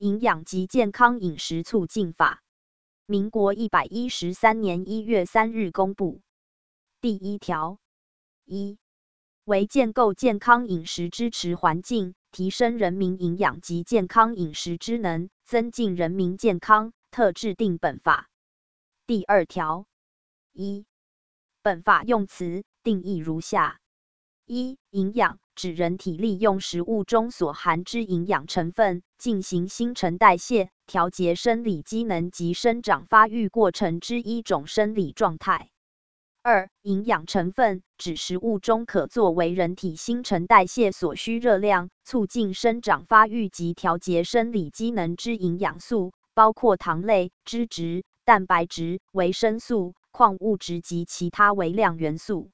《營養及健康飲食促進法》民國一百一十三年一月三日公布。第一條：一、為建構健康飲食支持環境，提升人民營養及健康飲食知能，增進人民健康，特制定本法。第二條：一、本法用詞定義如下：一、營養。指人體利用食物中所含之營養成分，進行新陳代謝、調節生理機能及生長發育過程之一種生理狀態。二、營養成分，指食物中可作為人體新陳代謝所需熱量、促進生長發育及調節生理機能之營養素，包括糖類、脂質、蛋白質、維生素、礦物質及其他微量元素。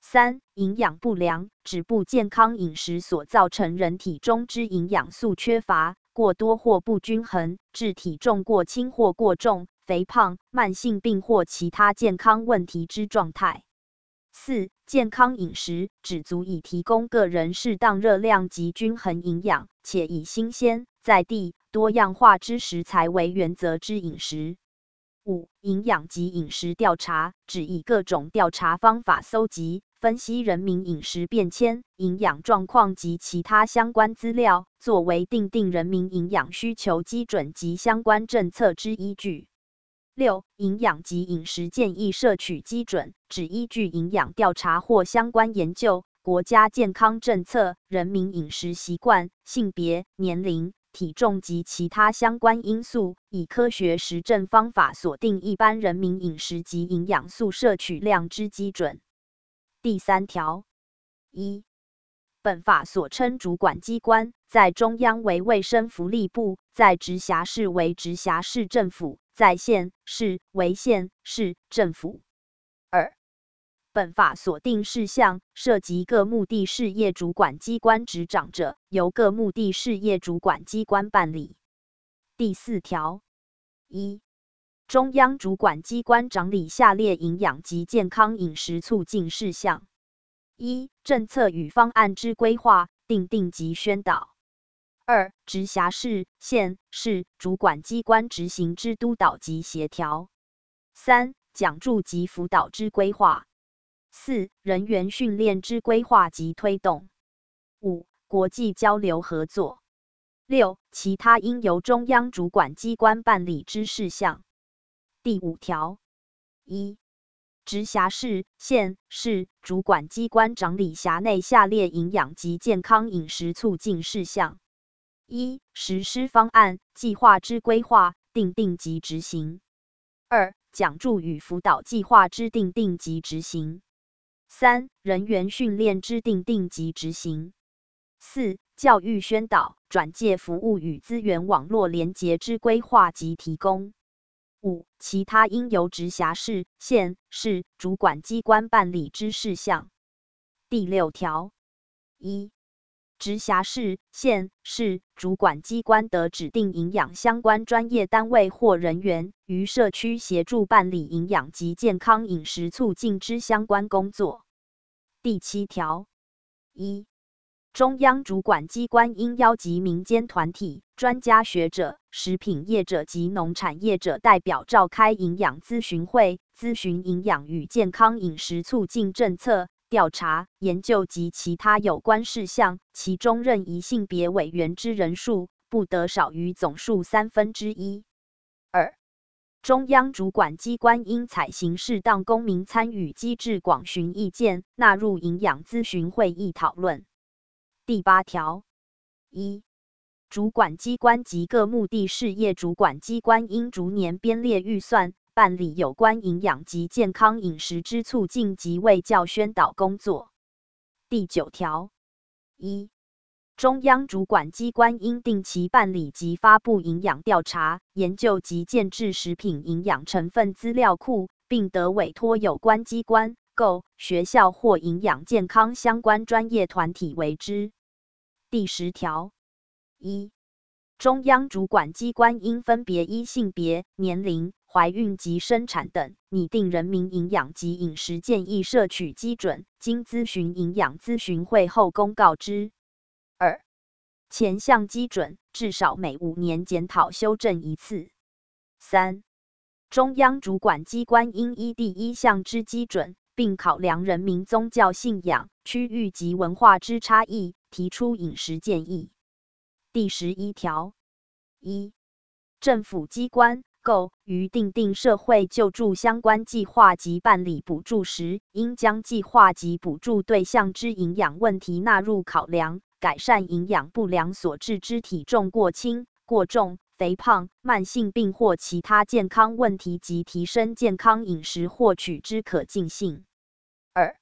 三、營養不良指不健康飲食所造成人體中之營養素缺乏、過多或不均衡，致體重過輕或過重、肥胖、慢性病或其他健康問題之狀態。四、健康飲食指足以提供個人適當熱量及均衡營養，且以新鮮、在地、多樣化之食材為原則之飲食。五、營養及飲食調查指以各種調查方法搜集，分析人民飲食變遷、營養狀況及其他相關資料，作為訂定人民營養需求基準及相關政策之依據。六、營養及飲食建議攝取基準，指依據營養調查或相關研究、國家健康政策、人民飲食習慣、性別、年齡、體重及其他相關因素，以科學實證方法鎖定一般人民飲食及營養素攝取量之基準。第三條，一、本法所稱主管機關，在中央為衛生福利部，在直轄市為直轄市政府，在縣市為縣市政府。二、本法所定事項，涉及各目的事業主管機關職掌者，由各目的事業主管機關辦理。第四條，一、中央主管機關掌理下列營養及健康飲食促進事項：一、政策與方案之規劃、訂定及宣導；二、直轄市、縣市主管機關執行之督導及協調；三、獎助及輔導之規劃；四、人員訓練之規劃及推動；五、國際交流合作；六、其他應由中央主管機關辦理之事項。第五條，一、直轄市、縣市主管機關掌理轄內下列營養及健康飲食促進事項：一、實施方案、計劃之規劃、訂定及執行；二、獎助與輔導計劃之訂定及執行；三、人員訓練之訂定及執行；四、教育宣導、轉介服務與資源網絡連結之規劃及提供。五、其他應由直轄市、縣市主管機關辦理之事項。第六條，一、直轄市、縣市主管機關得指定營養相關專業單位或人員，於社區協助辦理營養及健康飲食促進之相關工作。第七條，一。中央主管機關應邀集民間團體、專家學者、食品業者及農產業者代表召開營養諮詢會，諮詢營養與健康飲食促進政策、調查研究及其他有關事項，其中任一性別委員之人數不得少於總數三分之一。二、中央主管機關應採行適當公民參與機制，廣詢意見，納入營養諮詢會議討論。第八條，一、主管機關及各目的事業主管機關應逐年編列預算，辦理有關營養及健康飲食之促進及衛教宣導工作。第九條，一、中央主管機關應定期辦理及發布營養調查研究及建置食品營養成分資料庫，並得委託有關機關、構、學校或營養健康相關專業團體為之。第十條：一、中央主管機關應分別依性別、年齡、懷孕及生產等擬定人民營養及飲食建議攝取基準，經諮詢營養諮詢會後公告之。二、前項基準至少每五年檢討修正一次。三、中央主管機關應依第一項之基準，並考量人民宗教信仰、區域及文化之差異。提出飲食建議。第十一條：一、政府機關構於訂定社會救助相關計劃及辦理補助時，應將計劃及補助對象之營養問題納入考量，改善營養不良所致之體重過輕、過重、肥胖、慢性病或其他健康問題及提升健康飲食獲取之可近性。二、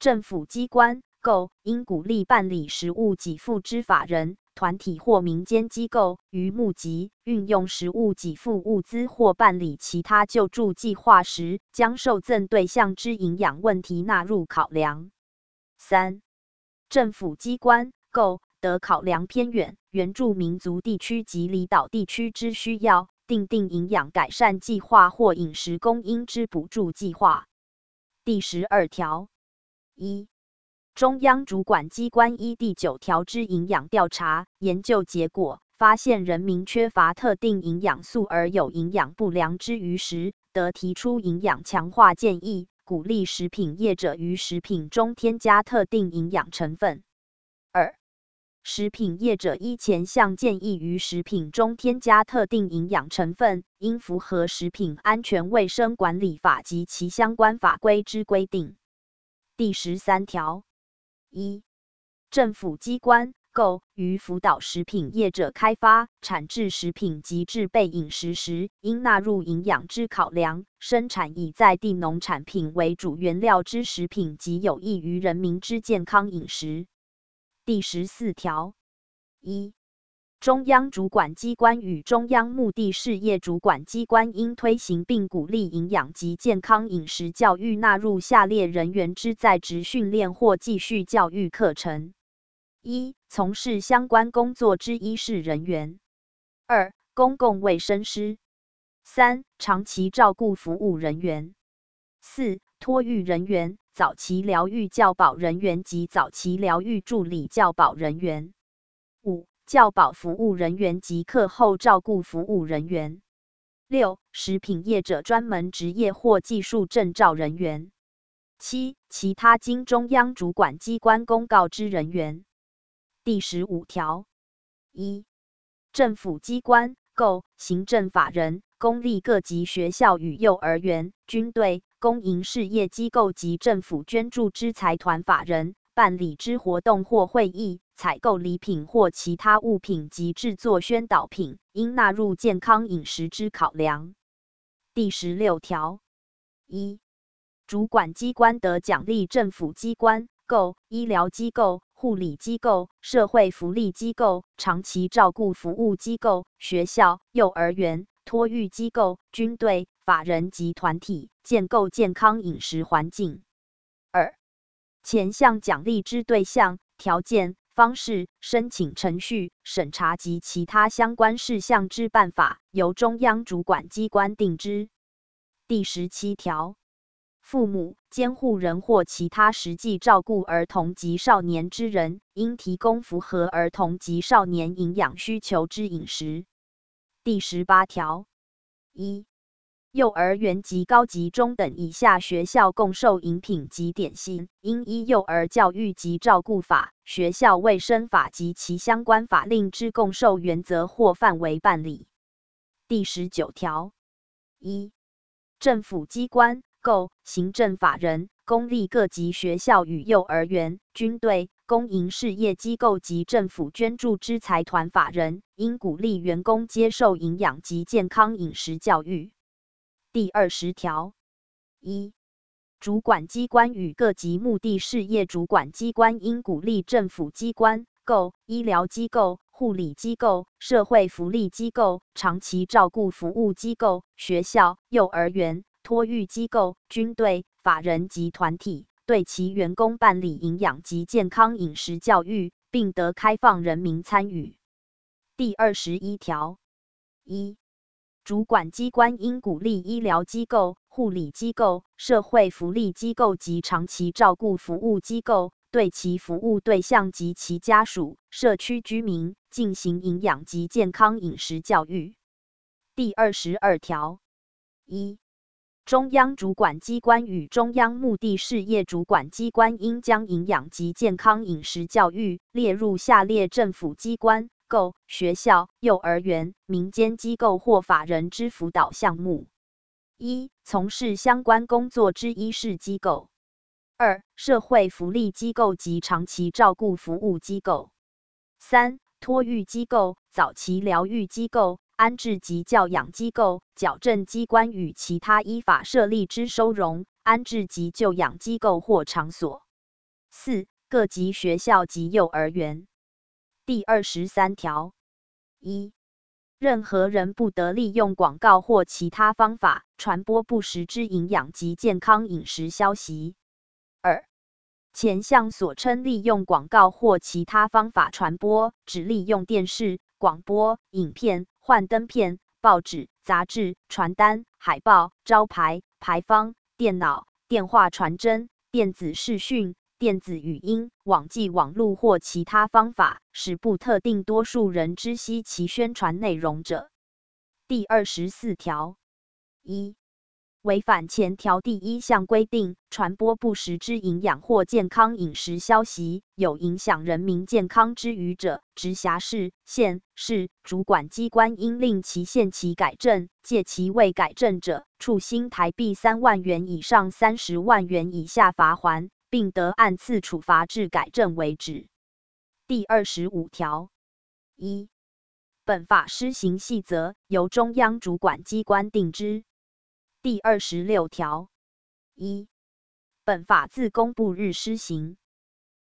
政府機關。構應鼓勵辦理食物給付之法人、團體或民間機構於募集、運用食物給付物資或辦理其他救助計劃時，將受贈對象之營養問題納入考量。三、政府機關構得考量偏遠、原住民族地區及離島地區之需要，訂定,定營養改善計劃或飲食供應之補助計劃。第十二條一。1. 中央主管機關依第九條之營養調查研究結果，發現人民缺乏特定營養素而有營養不良之虞時，得提出營養強化建議，鼓勵食品業者於食品中添加特定營養成分。二、食品業者依前項建議於食品中添加特定營養成分，應符合食品安全衛生管理法及其相關法規之規定。第十三條。一、政府機關構應輔導食品業者開發、產制食品及制備飲食時，應納入營養之考量，生產以在地農產品為主原料之食品及有益於人民之健康飲食。第十四條一。中央主管機關與中央目的事業主管機關應推行並鼓勵營養及健康飲食教育，納入下列人員之在職訓練或繼續教育課程：一、從事相關工作之醫事人員；二、公共衛生師；三、長期照顧服務人員；四、托育人員、早期療育教保人員及早期療育助理教保人員。教保服務人員及課後照顧服務人員。六、食品業者專門職業或技術證照人員。七、其他經中央主管機關公告之人員。第十五條：一、政府機關、構、行政法人、公立各級學校與幼兒園、軍隊、公營事業機構及政府捐助之財團法人。辦理之活動或會議、採購禮品或其他物品及製作宣導品，應納入健康飲食之考量。第十六條：一、主管機關得獎勵政府機關、構、醫療機構、護理機構、社會福利機構、長期照顧服務機構、學校、幼兒園、托育機構、軍隊、法人及團體，建構健康飲食環境。前項獎勵之對象、條件、方式、申請程序、審查及其他相關事項之辦法，由中央主管機關定之。第十七條，父母、監護人或其他實際照顧兒童及少年之人，應提供符合兒童及少年營養需求之飲食。第十八條，一。幼兒園及高級中等以下學校供售飲品及點心，應依《幼兒教育及照顧法》、《學校衛生法》及其相關法令之供售原則或範圍辦理。第十九條：一、政府機關、構、行政法人、公立各級學校與幼兒園、軍隊、公營事業機構及政府捐助之財團法人，應鼓勵員工接受營養及健康飲食教育。第二十條，一，主管機關與各級目的事業主管機關應鼓勵政府機關、構、醫療機構、護理機構、社會福利機構、長期照顧服務機構、學校、幼兒園、托育機構、軍隊、法人及團體，對其員工辦理營養及健康飲食教育，並得開放人民參與。第二十一條，一。主管機關應鼓勵醫療機構、護理機構、社會福利機構及長期照顧服務機構，對其服務對象及其家屬、社區居民進行營養及健康飲食教育。第二十二條，一、中央主管機關與中央目的事業主管機關應將營養及健康飲食教育列入下列政府機關。構學校、幼兒園、民間機構或法人之輔導項目；一、從事相關工作之一是機構；二、社會福利機構及長期照顧服務機構；三、托育機構、早期療愈機構、安置及教養機構、矯正機關與其他依法設立之收容、安置及教養機構或場所；四、各級學校及幼兒園。第二十三條：一、任何人不得利用廣告或其他方法傳播不實之營養及健康飲食消息。二、前項所稱利用廣告或其他方法傳播，指利用電視、廣播、影片、幻燈片、報紙、雜誌、傳單、海報、招牌、牌坊、電腦、電話傳真、電子視訊。電子語音、網際網路或其他方法，使不特定多數人知悉其宣傳內容者。第二十四條，一、違反前條第一項規定，傳播不實之營養或健康飲食消息，有影響人民健康之虞者，直轄市、縣市主管機關應令其限期改正，屆期未改正者，處新臺幣三萬元以上三十萬元以下罰鍰。並得按次處罰至改正為止。第二十五條，一本法施行細則由中央主管機關定之。第二十六條，一本法自公布日施行。